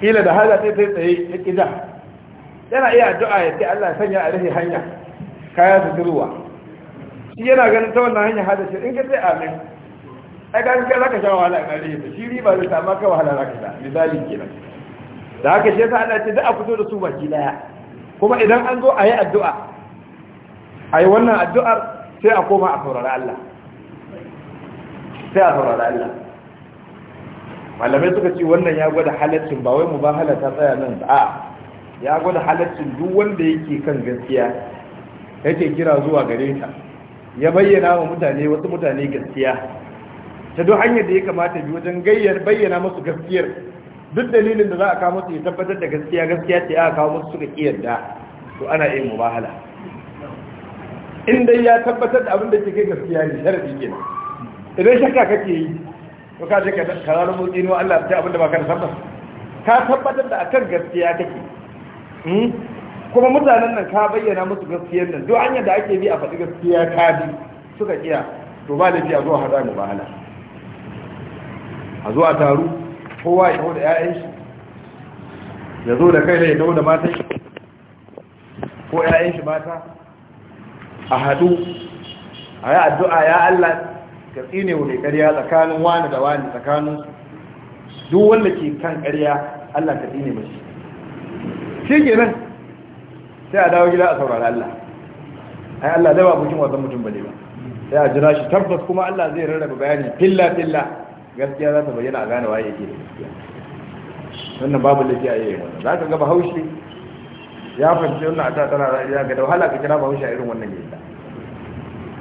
kila da haza sai sai tsaye ya kida yana iya addu'a ya ce Allah sanya a rufe hanya kaya su ruwa shi yana ganin ta wannan hanya hada shi in ka sai amin ai ga ka zaka sha wahala na gare ta shi riba zai samu ka wahala zaka sha misali kenan da haka shi yasa Allah ya ce a fito da su baki daya kuma idan an zo a yi addu'a a yi wannan addu'ar sai a koma a saurara Allah sai a saurara Allah malamai suka ce wannan ya gwada halaccin ba wai mu ba halatta tsaya nan a ya gwada halaccin duk wanda yake kan gaskiya yake kira zuwa gare ta ya bayyana wa mutane wasu mutane gaskiya ta duk hanyar da ya kamata bi wajen gayyar bayyana musu gaskiyar duk dalilin da za a kawo musu ya tabbatar da gaskiya gaskiya ce aka kawo musu suka kiyarda to ana yin mubahala in dai ya tabbatar da abin da ke kai gaskiya ne sharadi kenan idan shakka kake yi ko ka je ka karar motsi ne Allah ta abin da ba ka tabbata ka tabbatar da akan gaskiya kake hmm? kuma mutanen nan ka bayyana musu gaskiyar nan duk hanyar da ake bi a faɗi gaskiya ka bi suka kiya to ba laifi a zuwa hada mubahala a zuwa taru kowa ya da 'ya'yan shi ya zo da kai da ya da matan shi ko 'ya'yan shi mata a haɗu a yi addu'a ya Allah ka tsine wa ƙarya tsakanin wani da wani tsakanin duk wanda ke kan ƙarya Allah ka tsine mashi shi ke nan sai a dawo gida a saurari Allah ai Allah zai ba mutum wasan mutum ba ne ba sai a jira shi tabbas kuma Allah zai rarraba bayani filla filla gaskiya za ta bayyana a gane waye yake da gaskiya wannan babu laifi a yayin wannan za ka ga bahaushe ya fahimci wannan a ta tana ra'ayi ga da wahala ka kira bahaushe a irin wannan yadda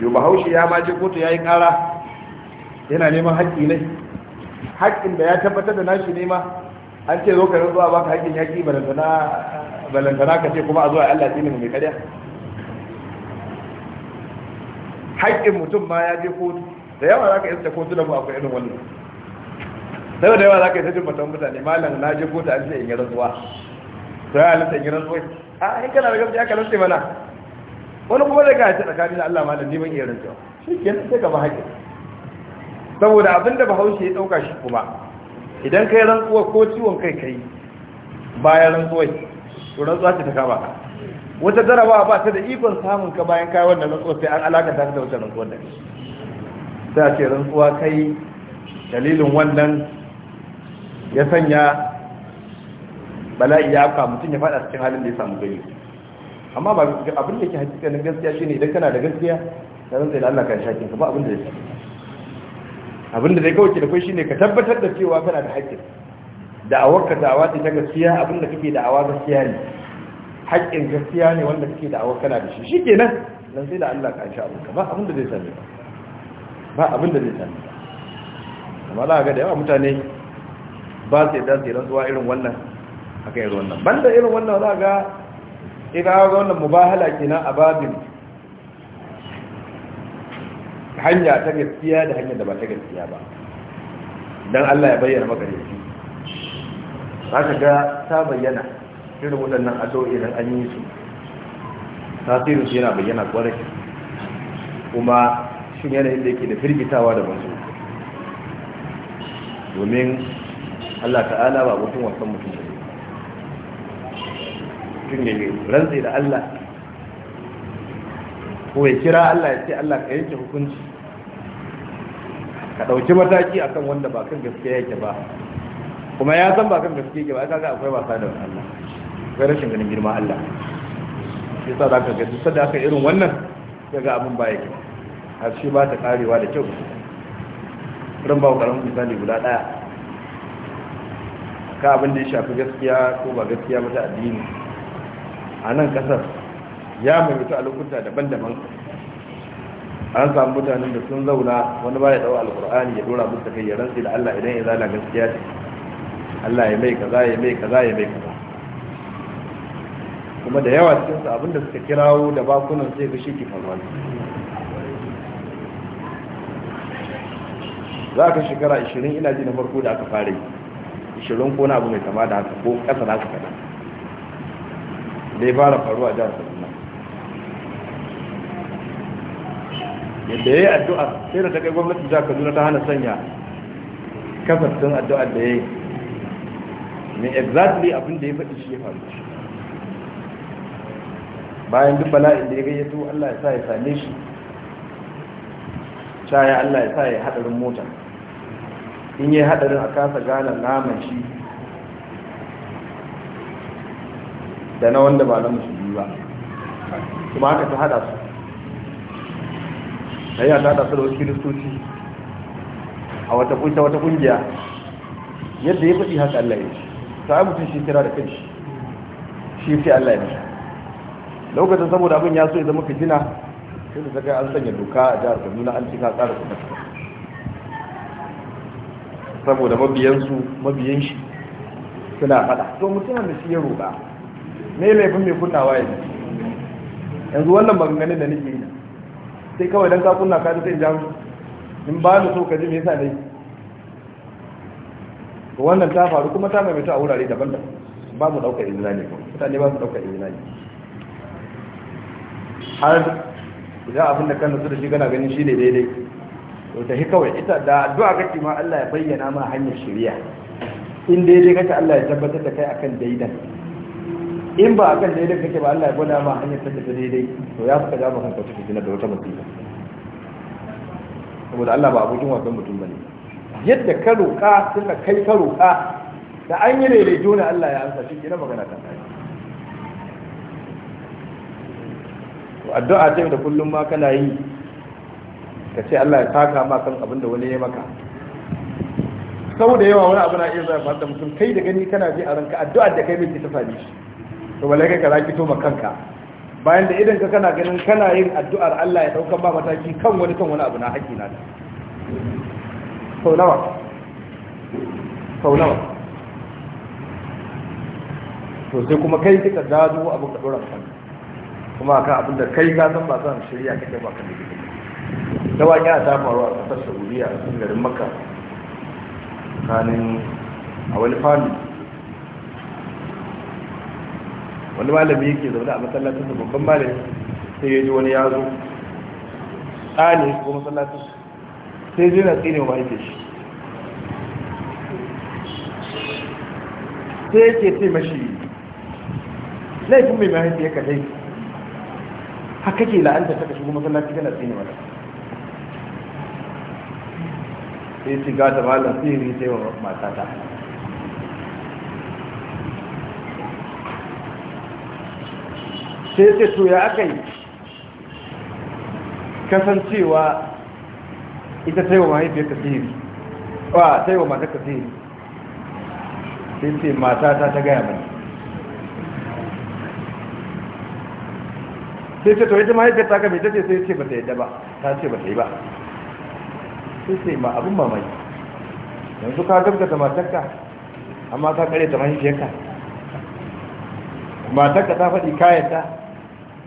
yau bahaushe ya ma je kotu ya yi kara yana neman haƙƙi ne haƙƙin da ya tabbatar da nashi nema an ce zo ka zuwa baka haƙƙin yaƙi balantana ka ce kuma a zuwa Allah tsini mai karya haƙƙin mutum ma ya je kotu da yawa za ka ta kotu da mu akwai irin wannan sau da yawa za ka yi sajin mutum mutane malam na je kota an ce in yi rantsuwa to ya halitta in yi rantsuwa a in kana da gaskiya ka rantsuwa mana wani kuma zai ya ce tsakanin Allah malam neman iya rantsuwa shi ke nan sai ka mahaƙi saboda abin da bahaushe ya ɗauka shi kuma idan ka yi rantsuwa ko ciwon kai kai bayan rantsuwa to rantsuwa ce ta kama ka wata jarabawa ba ta da ikon samun ka bayan kayan wannan rantsuwa sai an alakanta da wata rantsuwa da sai a ce rantsuwa kai dalilin wannan ya sanya bala'i ya ka mutum ya fada cikin halin da ya samu gani amma ba abin da ke hakikanin gaskiya shine idan kana da gaskiya ka rantsa da Allah ka shakin ka ba abin da ya abin da zai kawai da kai shine ka tabbatar da cewa kana da da da'awar ka da'awa ce ta gaskiya abin da kake da'awa gaskiya ne haƙƙin gaskiya ne wanda kake da'awar kana da shi shikenan zan sai da Allah ka sha abin ka ba abin da zai same ba. ba abin da zai same ba amma za ga da yawa mutane ba su yadda su yi rantsuwa irin wannan a kan irin wannan banda irin wannan za ga idan ga wannan mubahala kenan a babin hanya ta gaskiya da hanyar da ba ta gaskiya ba don Allah ya bayyana maka da shi ka ga ta bayyana irin waɗannan addu'o'i idan an yi su tasirin su yana bayyana kwarai kuma shi yanayin da yake da firgitawa da manzo domin Allah ta'ala ba mutum wasan mutum ne mutum ne mai rantsi da Allah ko ya kira Allah ya ce Allah ka yanke hukunci ka ɗauki mataki akan wanda ba kan gaskiya yake ba kuma ya san ba kan gaskiya yake ba kaga akwai wasa da Allah akwai rashin ganin girma Allah shi sa za ka ga duk sadda aka irin wannan ya ga abin ba yake har shi ba ta karewa da kyau ran ba ku karamin misali guda ɗaya. ka abin da ya shafi gaskiya ko ba gaskiya ba ta addini a nan kasar ya maimaita a lokuta daban-daban an samu mutanen da sun zauna wani ba ya dawo alkur'ani ya dora musu kai ya rantsi da Allah idan ya zana gaskiya ce Allah ya mai kaza ya mai kaza ya mai kaza kuma da yawa cikin su abinda suka kirawo da bakunan sai ga shiki ke faruwa za ka shekara 20 ina ji na farko da aka fara yi Shirin ko na abu mai kama da haka ko kasa da haka kaɗan da ya fara faruwa jihar kaduna yadda ya yi addu'a sai da ta kai gwamnatin jihar kaduna ta hana sanya kasafin addu'a da ya yi mai exactly abin da ya faɗi shi ya faru bayan duk bala'in da ya gayyato allah ya sa ya same shi ya allah ya sa ya haɗarin mota in yi hadarin a kasa gane naman shi da na wanda ba na musulmi ba kuma haka ta hada su na yi a hada su da wasu kiristoci a wata kunta wata kungiya yadda ya faɗi haka Allah ya ta yi mutum shi kira da kai shi fi Allah ya lokacin saboda abin ya so ya zama fitina sai da ta kai an sanya doka a jihar kaduna an cika tsara kuma saboda mabiyansu mabiyan shi suna fada to mutum da shi ya roƙa me laifin mai kunnawa ya yanzu wannan maganganun da nake yi sai kawai dan ka kunna ka sai ja in ba ni so ka ji me yasa dai wannan ta faru kuma ta mutu a wurare daban-daban ba mu daukar izina ne kuma mutane ba su daukar izina ne har idan abin da kan nutsu da shi gana ganin shi ne daidai to tafi kawai ita da addu'a kake ma Allah ya bayyana ma hanyar shari'a in daidai kake Allah ya tabbatar da kai akan daidan in ba akan daidan kake ba Allah ya gwada ma hanyar ta tafi daidai to ya fuka jama kanka cikin fitina da wata musiba saboda Allah ba abokin wasan mutum bane yadda ka roƙa tunda kai ka roƙa da an yi daidai jona Allah ya amsa shi kina magana ta kai addu'a ce da kullum ma kana yi ka ce Allah ya taka ma kan abin da wani ya maka saboda yawa wani abu na iya zai faru da mutum kai da gani kana ji a ranka addu'a da kai miki ta same shi to balai kai ka za to ma kanka bayan da idan ka kana ganin kana yin addu'ar Allah ya daukan ba mataki kan wani kan wani abu na haƙi na sau nawa sau nawa to sai kuma kai kika dado abu ka dora kuma akan abin da kai ka san ba san shirya kake ba kan dawa ya ta faru a kasar saudiya a cikin garin makka tsakanin a wani fami wani malami yake zaune a masallacin da babban malami sai ya ji wani ya zo tsani ko masallacin sai zai na tsini wa shi sai yake ce mashi laifin mai mahaifiyar ya kadai haka ke la'anta ta ka shigo na kana tsine mata sai ci gata malam sihiri sai wa matata sai ce to ya aka yi kasancewa ita sai wa mahaifiyar ka ba sai wa matar ka sai ce matata ta gaya mai sai ce to ita mahaifiyar ta ka mai ta ce sai ce ba ta yadda ba ta ce ba ta yi ba sai sai ma abin mamaki yanzu ka gabgata matarka amma ka kare ta mahaifiyarka matarka ta faɗi kayanta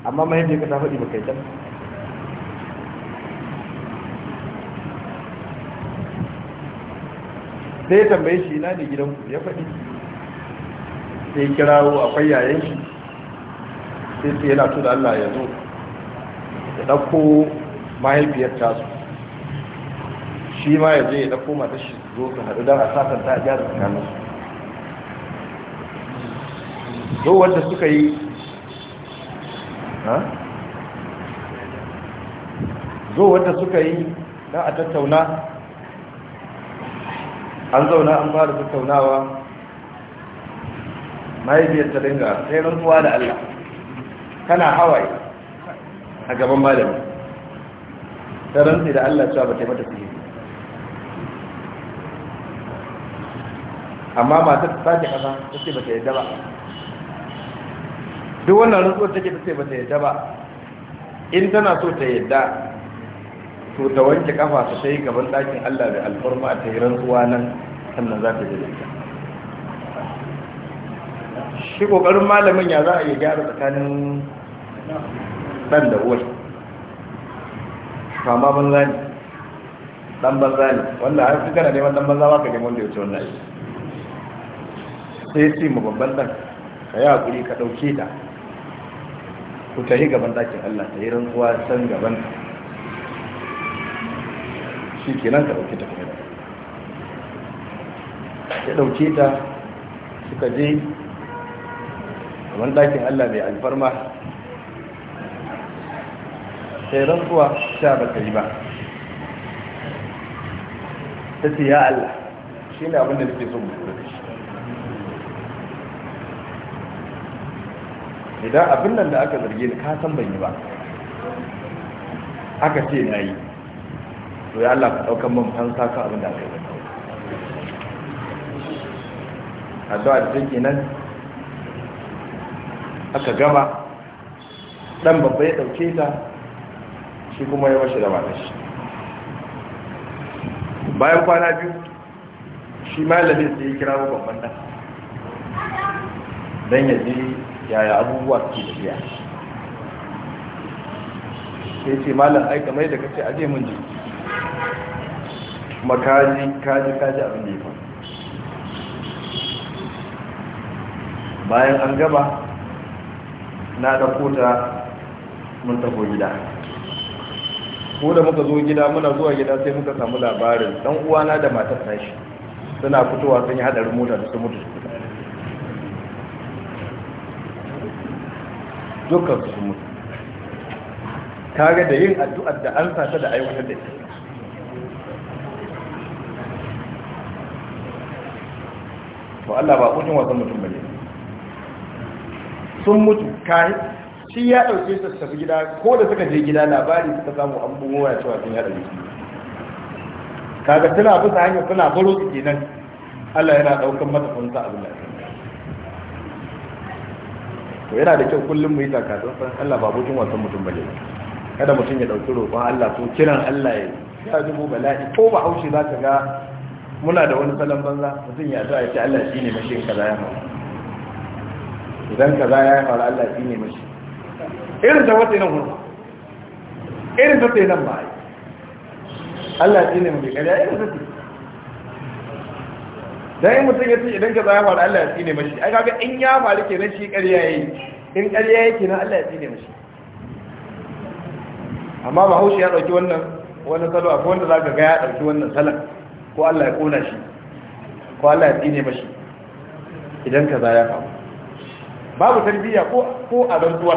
amma mahaifiyarka ta faɗi baka yi sai tambaye shi ina ne gidanku ya faɗi sai kirawo akwai yayan shi sai sai yana tuna Allah ya zo ya ɗauko mahaifiyar tasu shi ma ya je ya ɗauko mata shi zo ka haɗu don a sasan ta gyara tsakanin su zo wadda suka yi zo wadda suka yi don a tattauna an zauna an fara tattaunawa mahaifiyar ta dinga sai rantsuwa da Allah tana hawaye a gaban malami ta rantsi da Allah cewa ba ta mata sihiri amma matar ta sake kasa ta ce ba ta yadda ba duk wannan rantsuwar take ta ce ba ta yadda ba in tana so ta yadda to ta wanke kafa ta sai gaban ɗakin Allah da alfarma ta yi rantsuwa nan sannan za ta je da shi kokarin malamin ya za a yi gyara tsakanin ɗan da uwar kama banza ne ɗan banza ne wanda har fi kana neman ɗan banza ba ka gama wanda ya wuce wannan aiki sai ya ce ma babban ɗan ka yi haƙuri ka ɗauke ta ku ta yi gaban ɗakin Allah ta yi rantsuwa san gaban ta shi ke nan ka ɗauke ta kuma ya ɗauke ta suka je gaban ɗakin Allah mai alfarma sai rantsuwa sha ba ta yi ba ta ce ya Allah shi ne abinda nake so mu idan abin nan da aka zarge ni ka san ban yi ba aka ce na yi to ya Allah ka ɗaukan man fansa kan abin da aka yi addu'a da take nan aka gama ɗan babba ya ɗauke ta shi kuma ya washe da matar shi bayan kwana biyu shi malamin sai ya kira babban dan dan ya ji yaya abubuwa suke tafiya sai ce malam ai kamar yadda kace aje mun ji makaji kaji kaji abin da ya bayan an gaba na da kota mun tafi gida ko da muka zo gida muna zuwa gida sai muka samu labarin Dan uwana da matar tashi suna fitowa sun yi haɗarin mota da su mutu su dukkan su mutu kaga da yin addu'ar da an sata da aiwatar da ita to Allah ba kudin wasan mutum bane sun mutu kai shi ya dauke su tafi gida ko da suka je gida labari suka samu an bugo ya cewa sun yada mutu. kaga tana bisa hanyar suna baro su kenan Allah yana daukan mata funta abin da to yana da kyau kullum mu yi san Allah ba bokin wasan mutum bane kada mutum ya dauki roƙon Allah ko kiran Allah ya ya dubo bala'i ko ba aushi za ka ga muna da wani salon banza mutum ya zuwa ya ce Allah shi ne mashi kaza ya faru idan kaza ya faru Allah shi ne mashi irin da wata nan hulma irin da ta nan ba Allah shi ne mashi kaza irin da ta dan yi mutum ya ce idan ka zaya faru Allah ya tsine mashi ai kaga in ya faru kenan shi ƙarya yayi in ƙarya yake na Allah ya tsine mashi amma bahaushe ya ɗauki wannan wani salo akwai wanda za ka ga ya ɗauki wannan salon ko Allah ya ƙona shi ko Allah ya tsine mashi idan ka ya faru babu tarbiyya ko a rantsuwa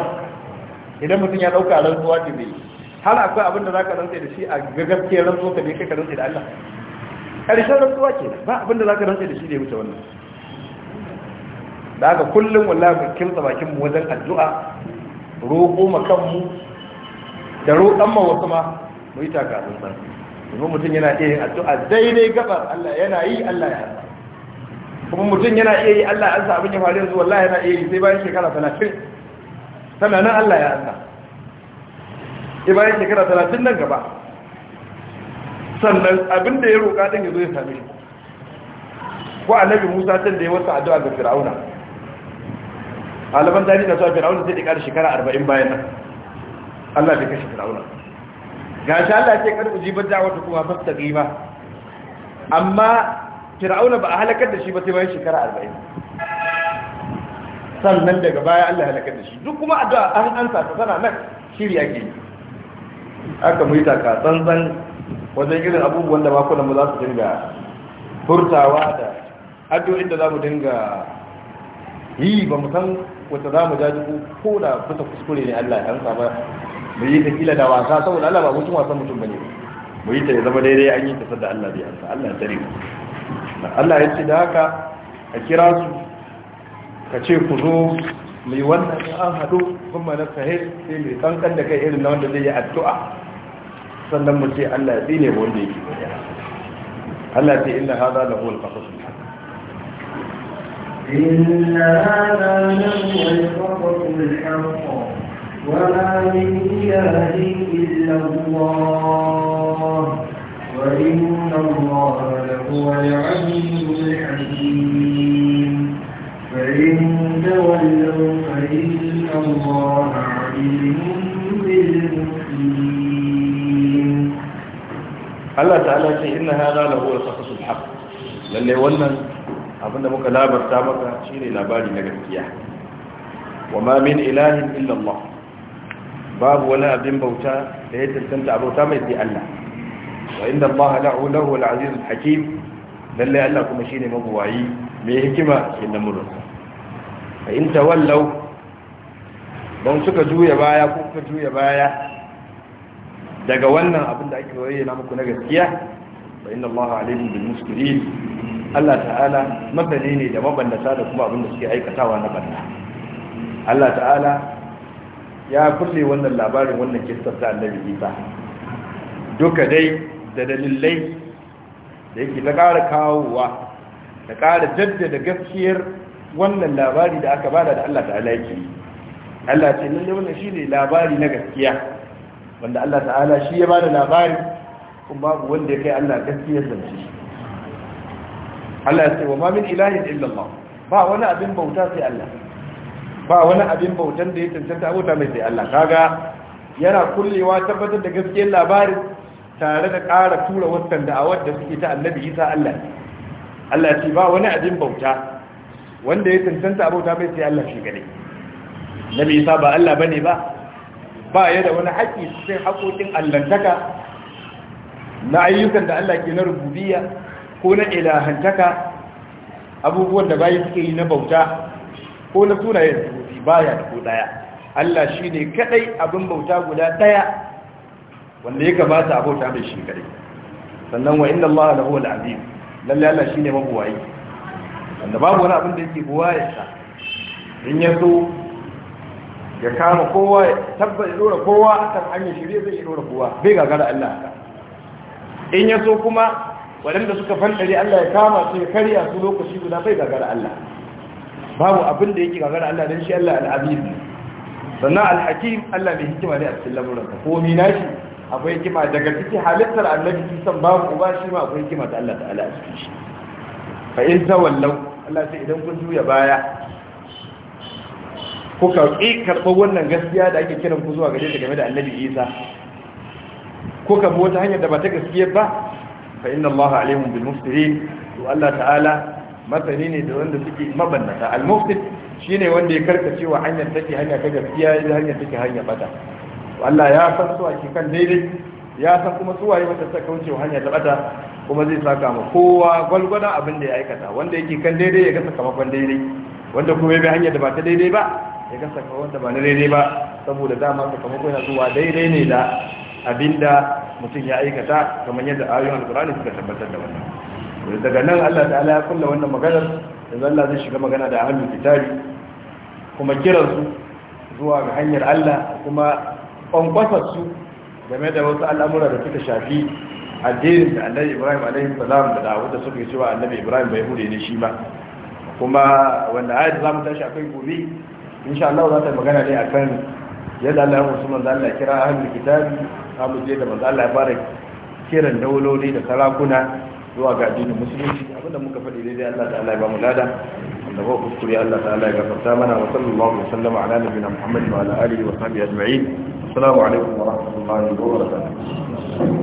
idan mutum ya ɗauka a rantsuwa ce zai har akwai abin da za ka rantsa da shi a gaggafke rantsuwa ka ne kai ka rantsa da Allah ƙarshen rantsuwa ke ba abinda za ka rantsa da shi da ya wuce wannan da haka kullum wallahi ku kimsa bakin mu wajen addu'a roƙo ma kanmu da roƙan ma wasu ma mu yi taka tsantsan domin mutum yana iya yin addu'a daidai gabar Allah yana yi Allah ya hasa kuma mutum yana iya yi Allah an sa abin ya faru yanzu wallahi yana iya yi sai bayan shekara talatin sannan Allah ya hasa sai bayan shekara talatin nan gaba sannan abin da ya roƙa ɗin ya zo ya same shi ko annabi Musa ɗin da ya wasu addu'a ga Fir'auna alaban dani da sa Fir'auna sai da shekara 40 bayan nan Allah bai kashe Fir'auna gashi Allah ya ce kar ujibar da'watu kuma fastaqima amma Fir'auna ba a halakar da shi ba sai bayan shekara 40 sannan daga baya Allah halakar da shi duk kuma addu'a an ansa ta sana nan shiri ke aka muyi yi taka tsantsan wajen irin abubuwan da makonan mu za su dinga furtawa da addu'o'in da za mu dinga yi ba mu san wata za mu jaji ko da kusa kuskure ne Allah ya ansa ba mu yi ta kila da wasa saboda Allah ba mutum wasan mutum bane mu yi ta ya zama daidai an yi ta sadda Allah bai ansa Allah ya tare mu Allah ya ce da haka a kira su ka ce ku zo mai wannan an haɗu kuma na sahih sai mai kankan da kai irin na wanda zai yi addu'a sannan mu ce Allah ya tsine mu wanda yake Allah ya ce inna hadha la huwa al-qasas inna hadha la huwa al-'aliyyul فإن تولوا فإن الله عليم بالمسلمين Allah ta'ala ce inna hadha lahu al-qasasul haqq lalle wannan abinda muka labarta maka shine labari na gaskiya wama min ilahin illa Allah babu wani abin bauta da ya tantanta abauta mai sai Allah wa inda Allah la'u lahu al-aziz al-hakim lalle Allah kuma shine mabuwayi mai hikima inda murunsa fa in tawallaw don suka juya baya ko suka juya baya daga wannan abin da ake bayyana muku na gaskiya fa inna allaha alim bil muskirin Allah ta'ala mabani ne da mabannata da kuma abin da suke aikatawa na banda Allah ta'ala ya kulle wannan labarin wannan kissar ta Annabi Isa duka dai da dalilai da yake ta ƙara kawowa ta ƙara jaddada gaskiyar wannan labari da aka bada da Allah ta'ala yake Allah ce lalle wannan ne labari na gaskiya wanda Allah ta'ala shi ya bada labari kuma babu wanda ya kai Allah gaskiyar zance shi Allah ya ce wa ma min ilahin illa Allah ba wani abin bauta sai Allah ba wani abin bautan da ya tantance abota mai sai Allah kaga yana kullewa tabbatar da gaskiyar labarin tare da ƙara tura wasan da'awar da suke ta annabi Isa Allah Allah ce ba wani abin bauta wanda ya tantance abota mai sai Allah shi gare Nabi Isa ba Allah bane ba ba ya da wani haƙƙi sai haƙoƙin allantaka na ayyukan da Allah ke na rububiya ko na ilahantaka abubuwan da bayi suke yi na bauta ko na sunayen rububi ya da ko Allah shi ne kaɗai abin bauta guda ɗaya wanda ya kamata a bauta mai shi kadai sannan wa inna Allah lahu al-azim lalle Allah shi ne mabuwayi wanda babu wani abin da yake buwaye sa in ya so ya kama kowa ya tabbata dora kowa akan hanyar shirye zai ya dora kowa bai gagara Allah ka in ya so kuma waɗanda suka fantare Allah ya kama su ya karya su lokaci guda bai gagara Allah babu abin da yake gagara Allah dan shi Allah al-aziz sannan al-hakim Allah bai hikima ne a cikin lamuran ka ko mi nashi akwai hikima daga ciki halittar annabi kisan babu uba shi ma akwai hikima da Allah ta'ala a cikin shi fa in tawallau Allah sai idan kun juya baya Ko ƙi karɓar wannan gaskiya da ake kiran ku zuwa gare ta game da annabi isa Ko ka bi wata hanyar da ba ta gaskiya ba fa inna allaha alaihim bil muftirin to allah ta'ala masani ne da wanda suke mabannata al muftir shine wanda ya karkace wa hanyar take hanya ta gaskiya da hanyar take hanya bata to allah ya san su a kan daidai ya san kuma su waye wata saka wuce hanya ta bata kuma zai saka ma kowa gwalgwada abin da ya aikata wanda yake kan daidai ya ga sakamakon daidai wanda kuma ya bi hanyar da ba ta daidai ba ya ga sakamakon da ba na daidai ba saboda dama sakamako yana zuwa daidai ne da abinda mutum ya aikata kamar yadda ayoyin alkurani suka tabbatar da wannan daga nan Allah ta'ala ya kulla wannan maganar yanzu Allah zai shiga magana da ahlul kitabi kuma kiransu zuwa ga hanyar Allah kuma kwankwasar su game da wasu al'amura da suka shafi addinin da annabi ibrahim alaihi salam da dawo da suka cewa annabi ibrahim bai hure ne shi ba kuma wanda ayat zamu tashi akai gobe insha Allah za ta magana dai akan yadda Allah ya musu manzo Allah kira ahlul kitabi zamu je da manzo Allah ya fara kiran dauloli da sarakuna zuwa ga addinin musulunci abinda muka faɗi daidai Allah ta'ala ya ba mu lada wanda ba kuskure Allah ta'ala ya gafarta mana wa sallallahu alaihi wa sallama ala nabiyina Muhammad wa ala alihi wa sahbihi ajma'in assalamu alaikum wa rahmatullahi wa barakatuh